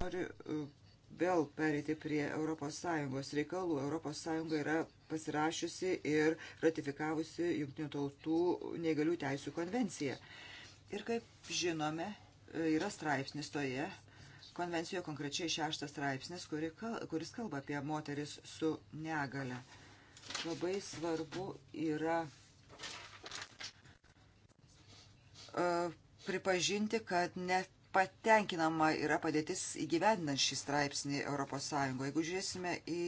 Noriu e, vėl perėti prie ES reikalų. ES yra pasirašiusi ir ratifikavusi Junktinių tautų negalių teisų konvenciją. Ir kaip žinome, e, yra straipsnis toje konvencijoje, konkrečiai šeštas straipsnis, kuris kalba apie moteris su negale. Labai svarbu yra e, pripažinti, kad net patenkinama yra padėtis įgyvendinant šį straipsnį ES. Jeigu žiūrėsime į